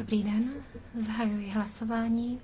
Dobrý den, zahajuji hlasování.